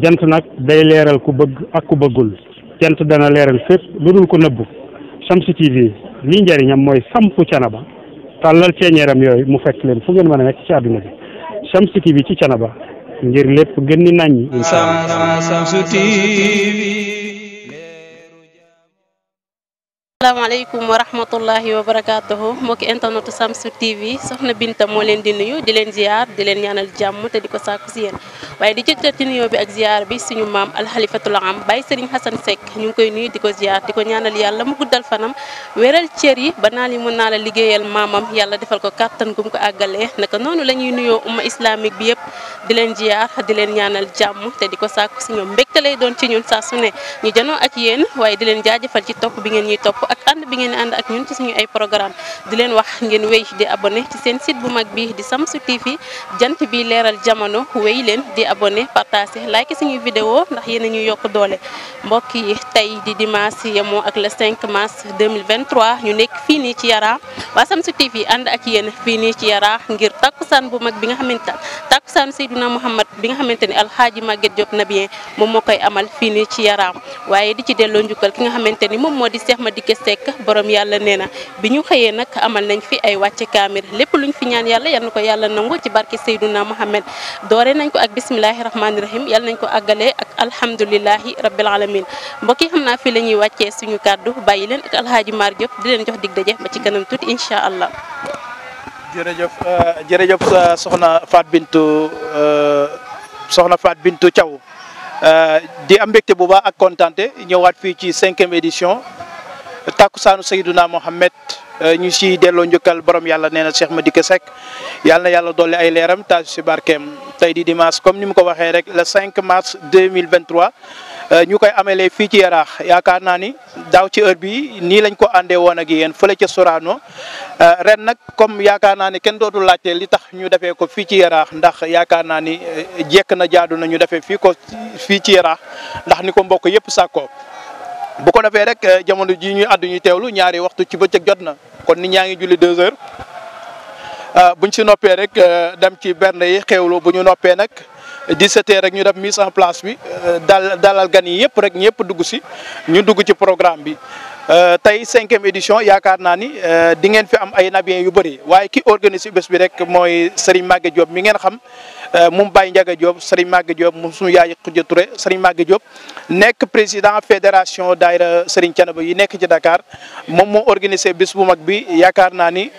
jant nag day leeral ku bëgg ak ku bëggul jant dana leeral fépp lu dul ko nëbbu Shamsu TV lii njëriñam mooy sampu canaba tàllal ceeñeeram yooyu mu fekk leen fu ngeen mën a nekk ci àdduna bi Shamsu TV ci ba ngir lépp gën ni naññi incha tv asalaamaaleykum wa rahmatullahi wa barakaatuhu mbokki internetu Shamsu TV soxna Binta moo leen di nuyu di leen ziar di leen ñaanal jàmm te di ko sàkku si yéen waaye di jëkkër ci nuyoo bi ak ziar bi suñu maam alxalifatul am Baye Serigne Hassan Seck ñu ngi koy nuyu di ko ziar di ko ñaanal yàlla mu guddal fanam wéral yi ba naa li mën naa la liggéeyal maamam yàlla defal ko kàttan gum ko naka noonu la ñuy nuyoo umma islamique bi yëpp di leen ziar di leen ñaanal jàmm te di ko sàkku si ñoom mbégte lay doon ci ñun saa su ne ñu janoo ak yéen waaye di leen jaajëfal ci topp bi ngeen ñuy topp ak ànd bi ngeen ànd ak ñun ci suñu ay programme di leen wax ngeen wéy di abonné ci seen site bu mag bi di samsu tv jant bi leeral jamono wéy leen di abonné partagé like suñu vidéo ndax yéen a ñu yokk doole mbokk yi tey di dimanche yemoo ak le 5 mars 2023 ñu nekk fii nii ci yara waa samsu tv ànd ak yéen fii nii ci yara ngir takkusaan bu mag bi nga xamante takkusaan Seydina Mouhamad bi nga xamante ne alxaaji Maguette Diop Nabien moom moo koy amal fii nii ci Yaram waaye di ci delloo njukkal ki nga xamante ni moom moo di ma Madické Seck borom yàlla nee na bi ñu xëyee nag amal nañ fi ay wàcce kaamir lépp ñu fi ñaan yàlla yal na ko yàlla nangu ci barke Seydina Mouhamad doore nañ ko ak bismillahi rahmaani rahim yal nañ ko àggalee ak alhamdulilahi rabbil alamin mbokk yi xam naa fii la ñuy wàccee suñu kàddu bàyyi leen ak alxaaji Mar Diop leen jox dig daje ba ci kanam tuuti incha allah jërëjëf euh, jërëjëf euh, soxna Faat Bintu euh, soxna Faat Bintu Thiaw di am mbégte bu baax ak kontante ñëwaat fii ci cinquième édition takkusaanu Seydouna Mohamed ñu si delloo njukkal borom yàlla nee na Cheikh Madike Seck yàlla na yàlla dolli ay leeram taaju si barkeem tey di dimanche comme ni mu ko waxee rek le 5 mars 2023 Euh, ñu koy amalee fii ci yaraax yaakaar naa ni daaw ci heure bi nii lañ ko àndee woon ak yéen fële ca Sorano euh, ren nag comme yaakaar naa ni kenn dootul laajte li tax ñu defee ko fii ci yaraax ndax yaakaar naa ni euh, jekk na jaadu na ñu defee fii ko fii ci yaraax ndax ni ko mbokk yëpp sàkkoo bu ko defee rek jamono ji ñuy àddu teewlu ñaari waxtu ci bëccëg jot na kon nit ñaa ngi julli deux heures buñ si noppee rek dem ci bernde yi xewlu bu ñu noppee nag 17 heures rek ñu def mise en place bi euh, dal dalal gan yi yëpp rek ñëpp dugg si ñu dugg ci programme bi. Euh, tey cinquième édition yaakaar naa ni euh, di ngeen fi am ay nabiyen yu bëri waaye ki organise bés bi rek mooy Serigne Magué Diop mi ngeen xam moom Baye Ndiaga Diop Serigne Magué Diop moom suñu yaay Khoudia ture Serigne Magué Diop nekk président fédération daayira Serigne Thiénaba yi nekk ci Dakar moom moo organise bés bu mag bi yaakaar naa ni.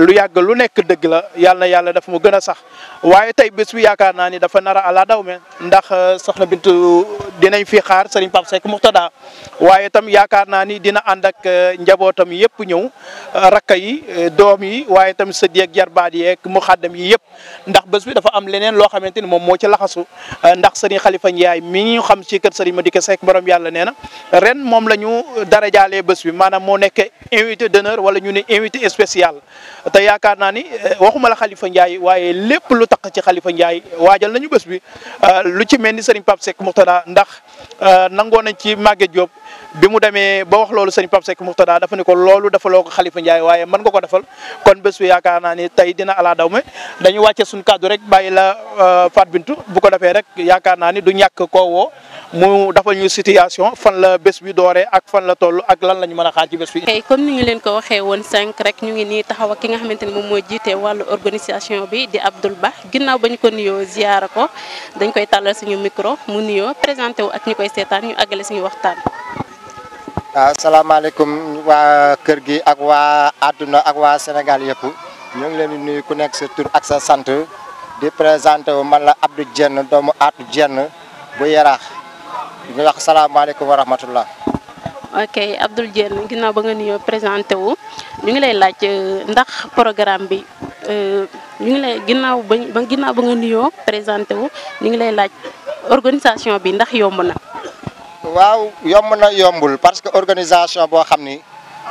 lu yàgg lu nekk dëgg la yàlla na yàlla daf mu gën a sax waaye tey bés bi yaakaar naa ni dafa nar a ala daw me ndax soxna Bintu dinañ fi xaar sëriñ Pape Seck Mouxtada waaye tam yaakaar naa ni dina ànd ak eh, njabootam yëpp ñëw eh, rakka yi eh, doom yi waaye itam sët yeeg jarbaat mu muxaddam yi yëpp ndax bés bi dafa am leneen loo xamante ni moom moo ci laxasu ndax sëriñ Xalifa Ndiaye mi ñu xam ci kër sëriñ Madické Seck borom yàlla nee na ren moom la ñu darajaalee bés bi maanaam moo nekk invité d'honneur wala ñu ne invité spécial te yaakaar naa ni waxuma la Xalifa njaay waaye lépp lu tax ci Xalifa Ndiaye waajal nañu bés bi ndax euh, nangoo nañ ci Maguette Diop bi mu demee ba wax loolu sëñ Pape Seck Murtada dafa ne ko loolu defaloo ko xalifa Ndiaye waaye man nga ko defal kon bés bi yaakaar naa ni tey dina ala daw me dañu wàcce suñu kàddu rek bàyyi la euh, Fatou Bintou bu ko defee rek yaakaar naa ni du ñàkk koo mu defal ñu situation fan la bés bi dooree ak fan la toll ak lan la ñu mën a xaar ci bés bi. tey comme ni ñu leen ko waxee woon sànq rek ñu ngi nii taxaw ak ki nga xamante ni moom moo jiite wàllu organisation bi di Abdoul Ba ginnaaw ba ñu ko nuyoo ziyaara ko dañ koy tàllal suñu micro mu nuyoo présenté wu ak ñi koy seetaan ñu àggale suñu waxtaan. waaw salaamaaleykum waa kër gi ak waa àdduna ak waa Sénégal yëpp ñu ngi leen di nuyu ku nekk sa ak sa sant di présenté wu man la Abdou Diène doomu Atou Diène bu Yaraax ñu wax salaamaaleykum wa rahmatullah ok Abdou Diène ginnaaw ba nga nuyoo présenté wu ñu ngi lay laaj euh, ndax programme bi euh, ñu ngi lay ginnaaw ba ginnaaw nga nuyoo présenté wu ñu ngi lay laaj organisation bi ndax yomb na. waaw yomb na yombul parce que organisation boo xam ni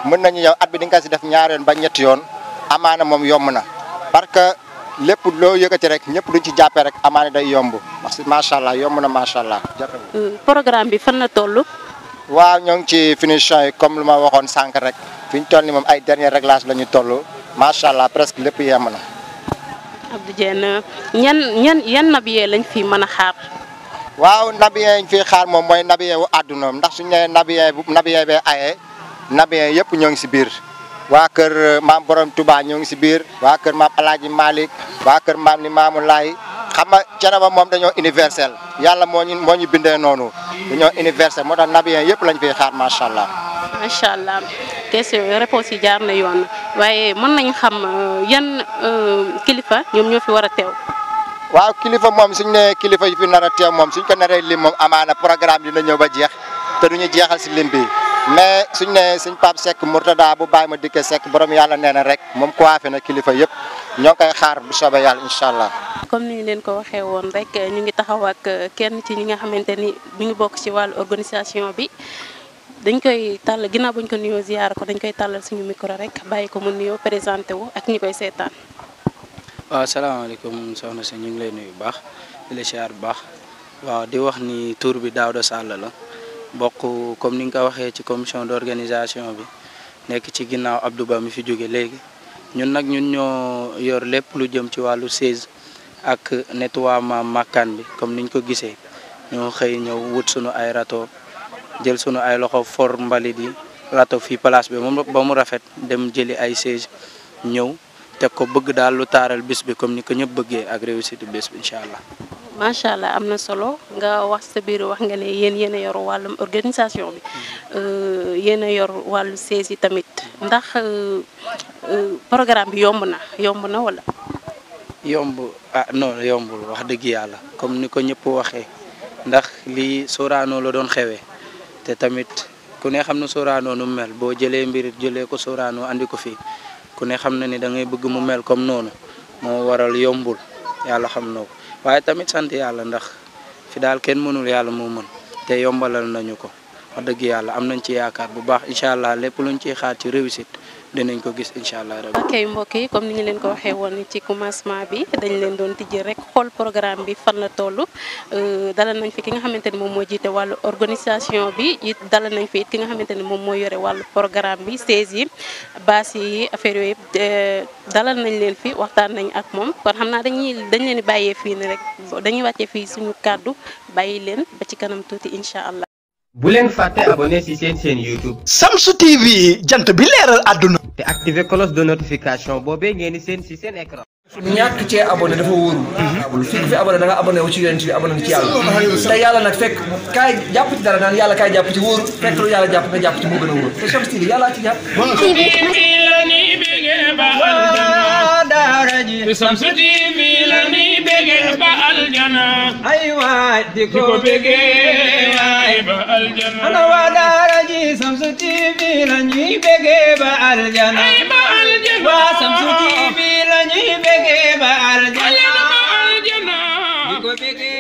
mën nañu ñëw at bi dinga si def ñaar yoon ba ñett yoon amaana moom yomb na parce que lépp loo yëkkati rek ñëpp duñ ci jàppee rek amaana day yomb parce que macha allah yomb na macha allah. Euh, programme bi fan la toll. waaw ñoo ngi ci finition yi comme lu ma waxoon sànq rek fi ñu toll ni moom ay dernier réglage la ñu toll macha allah presque lépp yemb na. Abdou Dieng ñan ñan yan nab yee lañ fi mën a xaar. waaw nabiyen yi xaar moom mooy nabiyen wu àdduna ndax suñ nee nabiyen bu nabiyen bee ayee nabiyen yëpp ñoo ngi si biir. waa kër euh, maam borom Touba ñoo ngi si biir waa kër maam El Hadj waa kër maam ni maamu Laay xam nga moom dañoo universel yàlla moo ñu moo ñu bindee noonu dañoo universel moo tax nabiyen yëpp lañ fiy xaar macha allah. macha allah question réponse yi jaar na yoon waaye mën nañu xam euh, yan euh, kilifa ñoom ñoo fi war teew. waaw kilifa moom suñ ne kilifa yu fi nar a teew moom suñ ko naree lim moom amaana programme dina ñëw ba jeex te du ñu jeexal si lim bi mais suñ ne suñ Pape Seck Mourtada bu bàyyi ma dikk sekk borom yàlla nee na rek moom coiffé na kilifa yëpp ñoo koy xaar bu soobee yàlla incha allah. comme ni ñu leen ko waxee woon rek ñu ngi taxaw ak kenn ci ñi nga xamante ni ñu ngi bokk ci wàllu organisation bi dañ koy tàll ginnaaw buñ ko nuyoo ziyaar ko dañ koy tàllal suñu micro rek bàyyi ko mu nuyoo présenté wu ak ñu koy seetaan. waaw salaamaaleykum soxna si ñu ngi lay nuyu baax di la bu baax waaw di wax ni tur bi Daouda Sall la bokk comme ni nga ko waxee ci commission d'organisation bi nekk ci ginnaaw Abdou Ba mi fi jóge léegi ñun nag ñun ñoo yor lépp lu jëm ci wàllu siège ak nettoiement makkaan bi comme niñ ko gisee ñoo xëy ñëw wut sunu ay rato jël sunu ay loxo for mbalit yi rato fii place bi moom ba mu rafet dem jëli ay siège ñëw teg ko bëgg daal lu taaral bis bi comme ni ko ñëpp bëggee ak réussite bis bi incha allah. macha allah am na solo nga wax sa biir wax nga ne yéen yéen a yor wàllum organisation bi euh, yéen yor wàllu sees yi tamit ndax euh, euh, programme bi yomb na yomb na walla yomb ah non yombul wax dëgg yàlla comme ni ko ñëpp waxee ndax lii sooraanoo la doon xewee te tamit ku ne xam na sooraanoo nu mel boo jëlee mbirit jëlee ko Sorano andi ko fii. ku ne xam na ni dangay bëgg mu mel comme noonu moo waral yombul yàlla xam na ko waaye tamit sant yàlla ndax fi daal kenn mënul yàlla moo mën te yombalal nañu ko wax dëgg yàlla am nañ ci yaakaar bu baax incha allah lépp luñ ciy xaar ci réussite dinañ ko gis incha allah. ok mbokk yi comme ni ñu leen ko waxee ci commencement bi dañ leen doon tijji rek xool programme bi fan la toll euh, dalal nañ fi ki nga xamante moom moo jiite wàllu organisation bi it dalal nañ fi it ki nga xamante ni moom moo yore wàllu programme bi seize yi base yi affaire yooyu euh, dalal nañ leen fi waxtaan nañ ak moom kon xam naa dañuy dañ leen bàyyee fii nii rek dañuy wàccee fii suñu kàddu bàyyi leen ba ci kanam tuuti bu leen fàtte abonné seen seen YouTube. Samsu TV jant bi leeral àdduna. te activer cloche de notification boobee ngeen seen ci seen écran. ñàkk cee abonné dafa wóorul. fii mhm. fi abonné da nga abonné wu ci yonent bi abonné ci yàlla. dara naan yàlla kaay jàpp ci wóorul. Mhm. fekk lu yàlla jàpp nga jàpp ci moo a wóor te Samsu TV yàllaa ci la ni bégee ba aljana. ay waay di ko bégee. naay ba aljana ana waa daara ji Shamsu TV la ñuy bëggee ba aljana ay ba aljana waa Shamsu TV la ñuy bëggee ba aljana di ko bëggee